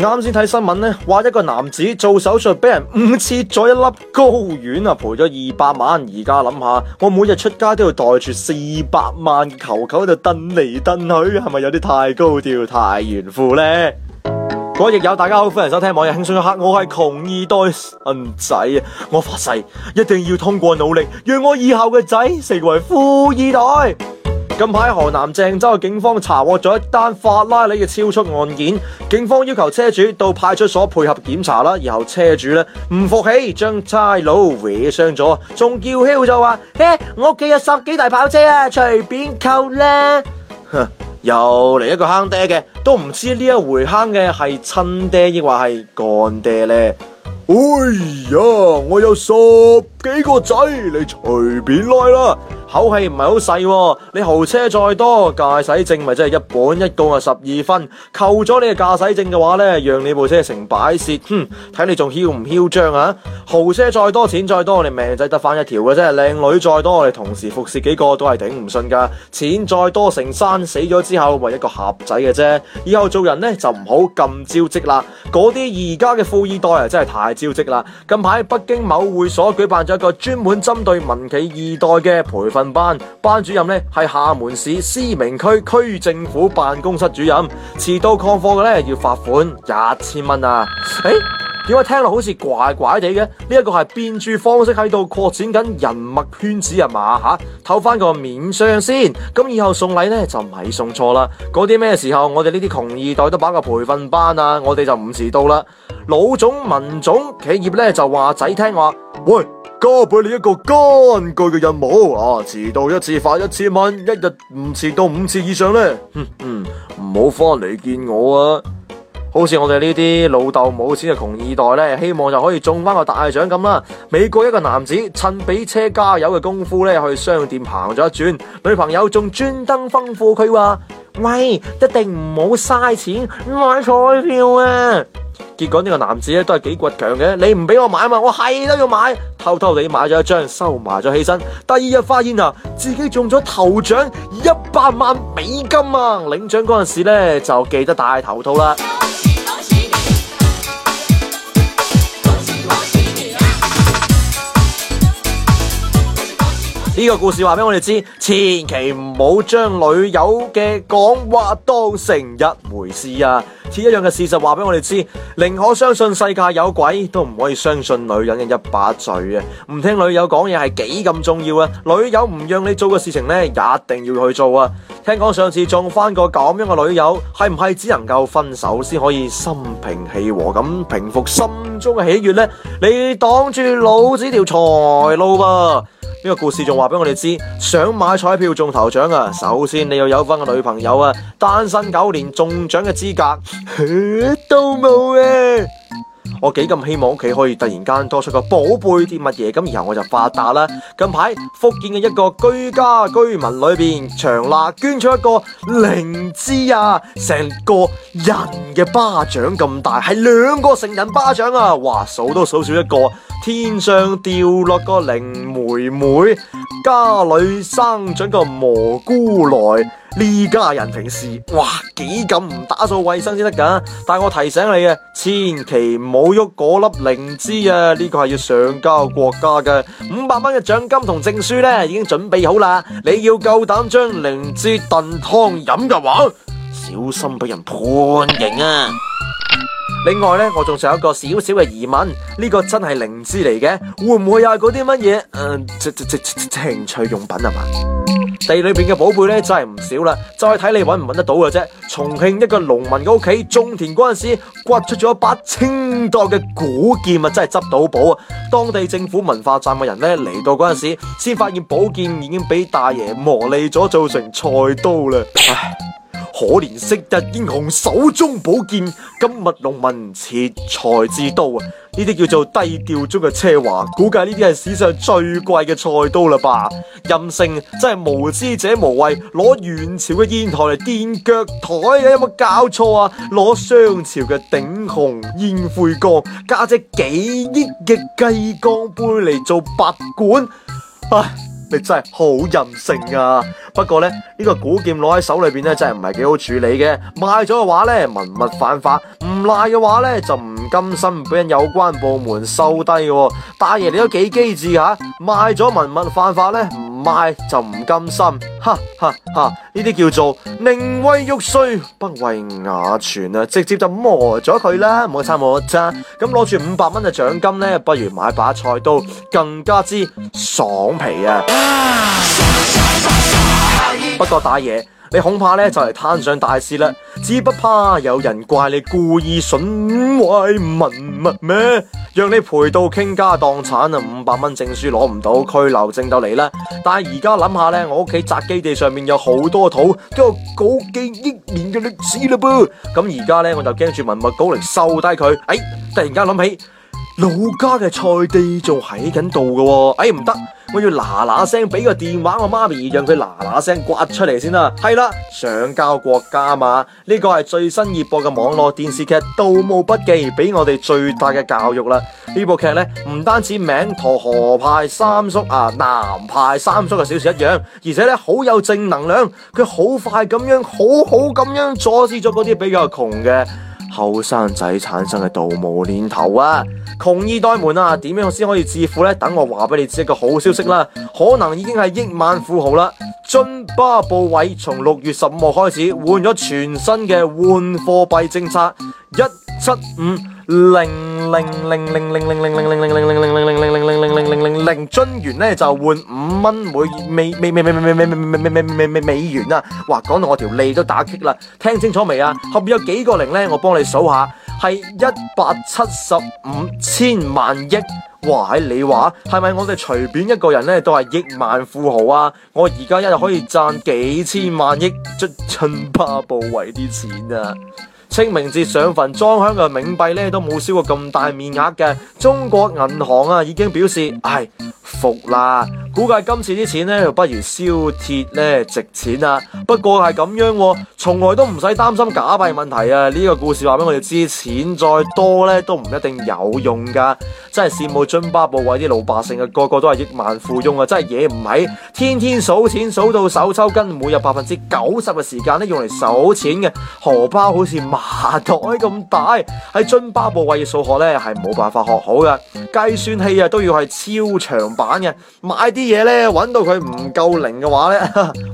啱先睇新聞呢，話一個男子做手術俾人誤切咗一粒睾丸啊，賠咗二百萬。而家諗下，我每日出街都要袋住四百萬球球喺度蹬嚟蹬去，係咪有啲太高調、太炫富呢？我 亦有大家好歡迎收聽網《網易輕鬆一刻》，我係窮二代神仔啊！我發誓一定要通過努力，讓我以後嘅仔成為富二代。.近排河南鄭州嘅警方查獲咗一單法拉利嘅超速案件，警方要求車主到派出所配合檢查啦。然後車主咧唔服氣，將差佬搲傷咗，仲叫囂就話：嘿，我屋企有十幾台跑車啊，隨便扣啦！ 又嚟一個坑爹嘅，都唔知呢一回坑嘅係親爹亦或係乾爹咧？哎呀，我有十。幾個仔，你隨便拉啦。口氣唔係好細，你豪車再多，駕駛證咪真係一本一共係十二分，扣咗你嘅駕駛證嘅話呢，讓你部車成擺設。哼，睇你仲囂唔囂張啊？豪車再多，錢再多，我哋命仔得翻一條嘅啫。靚女再多，我哋同時服侍幾個都係頂唔順噶。錢再多成山，死咗之後咪、就是、一個盒仔嘅啫。以後做人呢，就唔好咁招積啦。嗰啲而家嘅富二代啊，真係太招積啦。近排北京某會所舉辦。一個專門針對民企二代嘅培訓班，班主任咧係廈門市思明區區政府辦公室主任 20,、哎，遲到曠課嘅咧要罰款一千蚊啊！誒，點解聽落好似怪怪地嘅？呢一個係變注方式喺度擴展緊人脈圈子啊嘛，吓，透翻個面相先，咁以後送禮咧就唔係送錯啦。嗰啲咩時候我哋呢啲窮二代都擺個培訓班啊，我哋就唔遲到啦。老總、民總、企業咧就話仔聽話，喂。交俾你一個艱巨嘅任務啊！遲到一次罰一千蚊，一日唔遲到五次以上呢，唔好翻嚟見我啊！好似我哋呢啲老豆冇錢嘅窮二代呢，希望就可以中翻個大獎咁啦。美國一個男子趁俾車加油嘅功夫呢，去商店行咗一轉，女朋友仲專登吩咐佢話：喂，一定唔好嘥錢買彩票啊！結果呢個男子咧都係幾倔強嘅，你唔俾我買嘛，我係都要買，偷偷地買咗一張，收埋咗起身。第二日發現啊，自己中咗頭獎一百萬美金啊！領獎嗰陣時咧就記得戴頭套啦。呢 個故事話俾我哋知，千祈唔好將女友嘅講話當成一回事啊！似一樣嘅事實話俾我哋知，寧可相信世界有鬼，都唔可以相信女人嘅一把嘴啊！唔聽女友講嘢係幾咁重要啊！女友唔讓你做嘅事情呢，一定要去做啊！聽講上次中翻個咁樣嘅女友，係唔係只能夠分手先可以心平氣和咁平復心中嘅喜悅呢？你擋住老子條財路噃？呢個故事仲話俾我哋知，想買彩票中頭獎啊，首先你要有返個女朋友啊，單身九年中獎嘅資格。 都冇啊！我幾咁希望屋企可以突然間多出個寶貝啲乜嘢，咁然後我就發達啦。近排福建嘅一個居家居民裏邊，長樂捐出一個靈芝啊，成個人嘅巴掌咁大，係兩個成人巴掌啊！哇，數都數少一個。天上掉落個靈妹妹，家裏生長個蘑菇來。呢家人平時哇幾咁唔打掃衛生先得噶？但我提醒你嘅，千祈唔好喐嗰粒靈芝啊！呢個係要上交國家嘅，五百蚊嘅獎金同證書呢已經準備好啦。你要夠膽將靈芝燉湯飲嘅話，小心俾人判刑啊！另外咧，我仲想有一個小小嘅疑問，呢、這個真係靈芝嚟嘅，會唔會又係嗰啲乜嘢？誒、呃，即即即情趣用品係嘛？地裏邊嘅寶貝咧真係唔少啦，就係睇你揾唔揾得到嘅啫。重慶一個農民嘅屋企種田嗰陣時，掘出咗一把清代嘅古劍啊，真係執到寶啊！當地政府文化站嘅人咧嚟到嗰陣時，先發現寶劍已經俾大爺磨利咗，做成菜刀啦。唉可憐昔日英雄手中寶劍，今日農民切菜之刀啊！呢啲叫做低調中嘅奢華，估計呢啲係史上最貴嘅菜刀啦吧？任性真係無知者無畏，攞元朝嘅煙台嚟墊腳台啊！有冇搞錯啊？攞商朝嘅鼎紅煙灰缸，加隻幾億嘅雞缸杯嚟做拔罐，唉。你真係好任性啊！不過咧，呢個古劍攞喺手裏邊咧，真係唔係幾好處理嘅。賣咗嘅話咧，文物犯法；唔賣嘅話咧，就唔甘心，唔俾人有關部門收低。大爺你都幾機智吓，賣咗文物犯法咧。賣就唔甘心，哈哈哈！呢啲叫做寧為玉碎，不為瓦全啊，直接就磨咗佢啦，唔差嘥我咋？咁攞住五百蚊嘅獎金咧，不如買把菜刀，更加之爽皮啊！啊不過打嘢，你恐怕咧就係攤上大事啦，只不怕有人怪你故意損壞文物、啊、咩？讓你賠到傾家蕩產啊！五百蚊證書攞唔到，拘留證到你啦。但係而家諗下咧，我屋企宅基地上面有好多土，都有好幾億年嘅歷史啦噃。咁而家咧我就驚住文物局嚟收低佢。哎，突然間諗起。老家嘅菜地仲喺緊度嘅，哎唔得，我要嗱嗱聲俾個電話我媽咪，讓佢嗱嗱聲刮出嚟先啦。係啦， 上交國家嘛，呢個係最新熱播嘅網絡電視劇《盜墓筆記》俾我哋最大嘅教育啦。 部劇呢部劇咧唔單止名同河派三叔啊南派三叔嘅小說一樣，而且咧好有正能量，佢好快咁樣好好咁樣阻止咗嗰啲比較窮嘅。後生仔產生嘅盜墓念頭啊，窮二代們啊，點樣先可以致富呢？等我話俾你知一個好消息啦，可能已經係億萬富豪啦！津巴布韋從六月十五號開始換咗全新嘅換貨幣政策，一七五。零零零零零零零零零零零零零零零零零零零零津元咧就換五蚊美美美美美美美美美美美美美元啦！哇，講到我條脷都打激啦，聽清楚未啊？後邊有幾個零咧？我幫你數下，係一百七十五千萬億。哇，喺你話係咪我哋隨便一個人咧都係億萬富豪啊？我而家一日可以賺幾千萬億，足津巴布韋啲錢啊！清明節上墳裝香嘅冥幣咧，都冇燒過咁大面額嘅。中國銀行啊，已經表示，唉，服啦，估計今次啲錢咧，不如燒鐵咧值錢啦、啊。不過係咁樣、啊，從來都唔使擔心假幣問題啊。呢、這個故事話俾我哋知，錢再多咧都唔一定有用噶。真係羨慕津巴布韋啲老百姓啊，個個都係億萬富翁啊，真係惹唔起，天天數錢數到手抽筋，每日百分之九十嘅時間咧用嚟數錢嘅，荷包好似下、啊、袋咁大喺，津巴布韋數學咧係冇辦法學好嘅，計算器啊都要係超長版嘅。買啲嘢咧揾到佢唔夠零嘅話咧，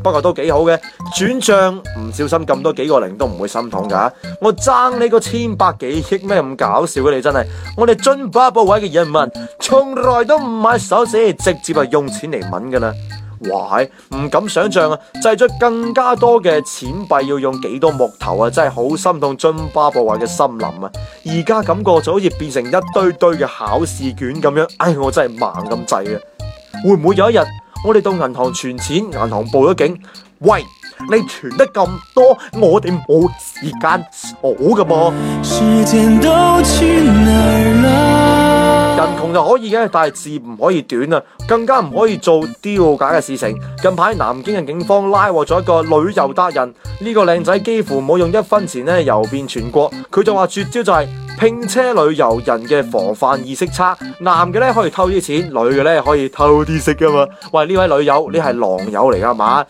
不過都幾好嘅。轉賬唔小心咁多幾個零都唔會心痛噶、啊。我爭你個千百幾億咩？咁搞笑嘅你真係。我哋津巴布韋嘅人民從來都唔買手紙，直接係用錢嚟揾噶啦。哇，唔敢想象啊！製作更加多嘅錢幣要用幾多木頭啊！真係好心痛津巴布韋嘅森林啊！而家感覺就好似變成一堆堆嘅考試卷咁樣。唉，我真係盲咁滯啊！會唔會有一日我哋到銀行存錢，銀行報咗警？喂，你存得咁多，我哋冇時間數噶噃。時間都去哪兒。人窮就可以嘅，但係志唔可以短啊，更加唔可以做丟假嘅事情。近排南京嘅警方拉獲咗一個旅遊達人，呢個靚仔幾乎冇用一分錢咧遊遍全國，佢就話絕招就係。拼車旅遊人嘅防範意識差，男嘅咧可以偷啲錢，女嘅咧可以偷啲色噶嘛。喂，呢位驢友，你係狼友嚟噶嘛？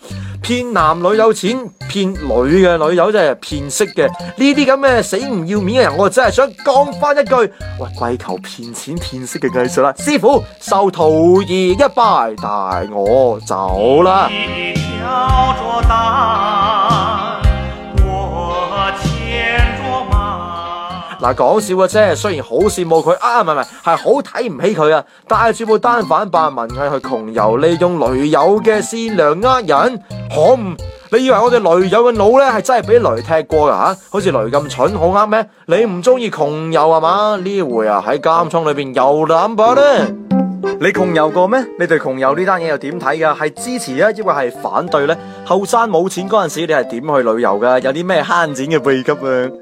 騙男驢友錢，騙女嘅驢友真係騙色嘅。呢啲咁嘅死唔要面嘅人，我真係想講翻一句：喂，跪求騙錢騙色嘅藝術啦！師傅，受徒兒一拜，帶我走啦！講笑嘅啫，雖然好羨慕佢啊，唔係唔係，係好睇唔起佢啊！帶住部單反扮文藝去窮遊，利用驢友嘅善良呃人，可惡！你以為我哋驢友嘅腦咧係真係俾驢踢過噶吓？好似驢咁蠢，好呃咩？你唔中意窮遊啊嘛？呢回啊喺監倉裏邊遊覽噃咧，你窮遊過咩？你對窮遊呢單嘢又點睇噶？係支持啊，抑或係反對咧？後生冇錢嗰陣時，你係點去旅遊噶？有啲咩慳錢嘅秘笈啊？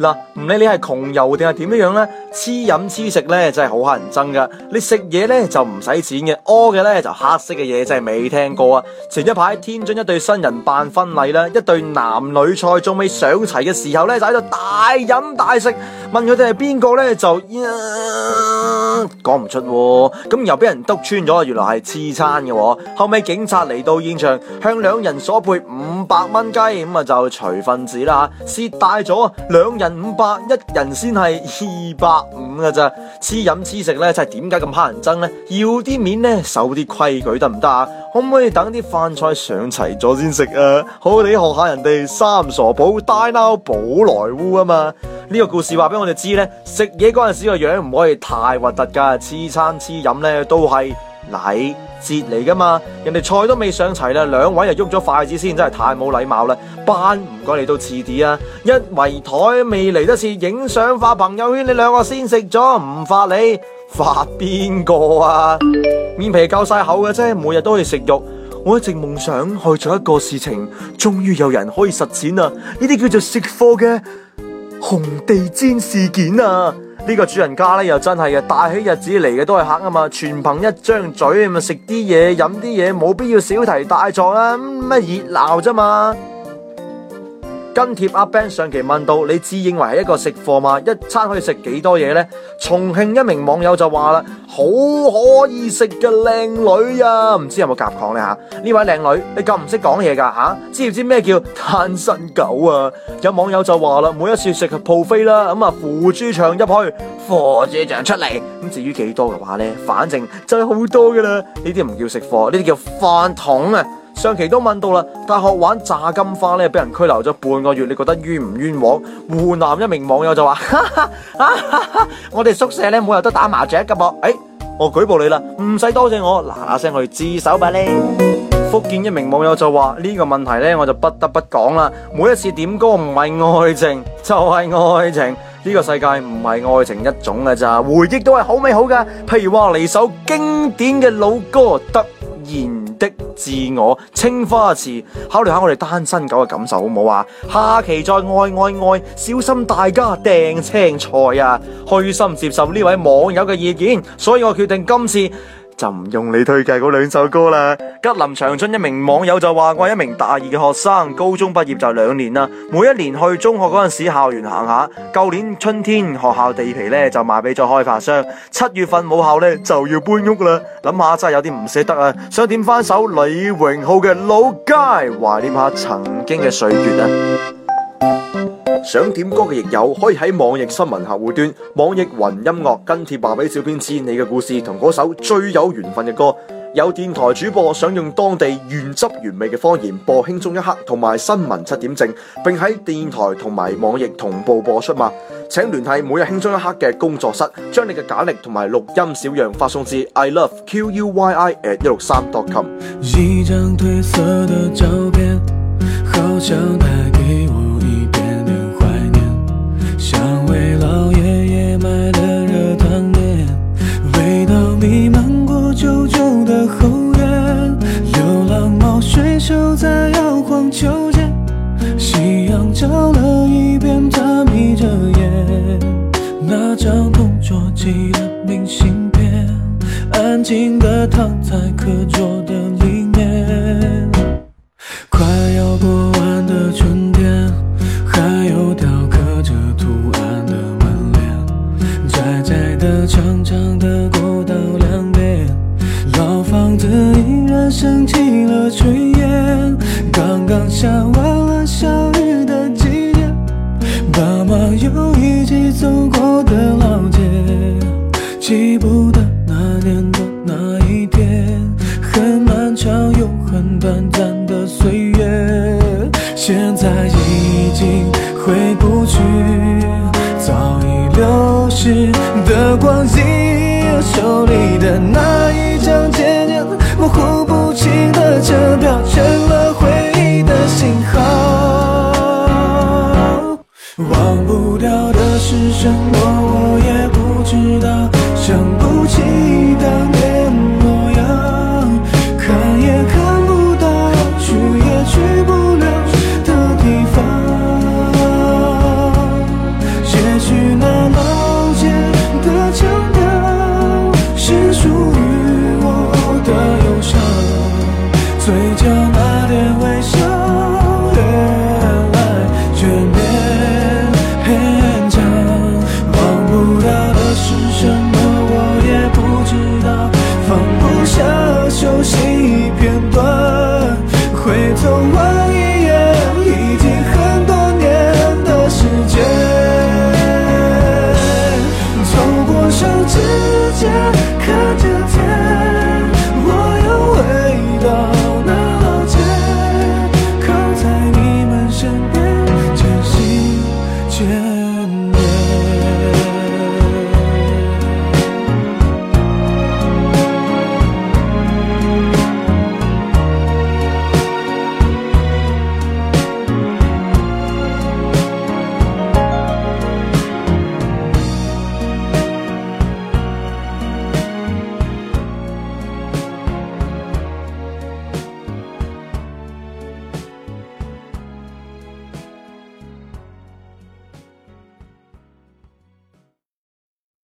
嗱，唔理你係窮遊定係點樣，呢黐飲黐食呢真係好乞人憎噶。你食嘢呢就唔使錢嘅，屙嘅呢就黑色嘅嘢真係未聽過啊！前一排天津一對新人辦婚禮啦，一對男女菜仲未上齊嘅時候呢，就喺度大飲大食，問佢哋係邊個呢？就，講、啊、唔出、啊。咁又俾人督穿咗，原來係黐餐嘅、啊。後尾警察嚟到現場，向兩人索賠五百蚊雞，咁啊就隨份子啦吓，蝕大咗兩人。五百一人先係二百五嘅咋。黐飲黐食咧，即係點解咁乞人憎咧？要啲面咧，守啲規矩得唔得啊？可唔可以等啲飯菜上齊咗先食啊？好好地學下人哋三傻大鬧寶萊塢啊嘛！呢個故事話俾我哋知咧，食嘢嗰陣時個樣唔可以太核突噶，黐餐黐飲咧都係。禮節嚟噶嘛，人哋菜都未上齊啦，兩位又喐咗筷子先，真係太冇禮貌啦！班唔該你都遲啲啊，一圍台未嚟得切，影相發朋友圈，你兩個先食咗，唔發你發邊個啊？面 皮夠晒厚嘅啫，每日都可以食肉。我一直夢想去做一個事情，終於有人可以實踐啦！呢啲叫做食貨嘅紅地氈事件啊！呢個主人家咧又真係嘅，大喜日子嚟嘅都係客啊嘛，全憑一張嘴咁啊，食啲嘢飲啲嘢，冇必要小題大作啦、啊，乜熱鬧啫嘛～跟帖阿 Ben 上期問到，你自認為係一個食貨嘛？一餐可以食幾多嘢呢？重慶一名網友就話啦：好可以食嘅靚女呀、啊，唔知有冇夾狂呢？嚇、啊？呢位靚女，你咁唔識講嘢噶嚇？知唔知咩叫單身狗啊？有網友就話啦：每一次食嘅撲飛啦，咁啊扶住牆入去，扶住牆出嚟。咁至於幾多嘅話呢？反正就係好多嘅啦。呢啲唔叫食貨，呢啲叫飯桶啊！上期都問到啦，大學玩炸金花咧俾人拘留咗半個月，你覺得冤唔冤枉？ 的自我青花瓷，考慮下我哋單身狗嘅感受好唔好啊？下期再愛愛愛，小心大家掟青菜啊！虛心接受呢位網友嘅意見，所以我決定今次。就唔用你推介嗰兩首歌啦。吉林長春一名網友就話：我係一名大二嘅學生，高中畢業就兩年啦。每一年去中學嗰陣時校園行下，舊年春天學校地皮咧就賣俾咗開發商，七月份母校咧就要搬屋啦。諗下真係有啲唔捨得啊，想,想點翻首李榮浩嘅《老街》懷念下曾經嘅歲月啊。想點歌嘅亦有，可以喺網易新聞客戶端、網易雲音樂跟帖話俾小編知你嘅故事同嗰首最有緣分嘅歌。有電台主播想用當地原汁原味嘅方言播《輕鬆一刻》同埋《新聞七點正》，並喺電台同埋網易同步播出嘛？請聯繫每日《輕鬆一刻》嘅工作室，將你嘅簡歷同埋錄音小樣發送至 i love q u y i at 163 dot com。買的熱湯麵，味道彌漫過舊舊的後院，流浪貓睡熟在搖晃秋千，夕陽照了一遍，他眯着眼。那張同桌寄的明信片，安靜的躺在課桌的裏。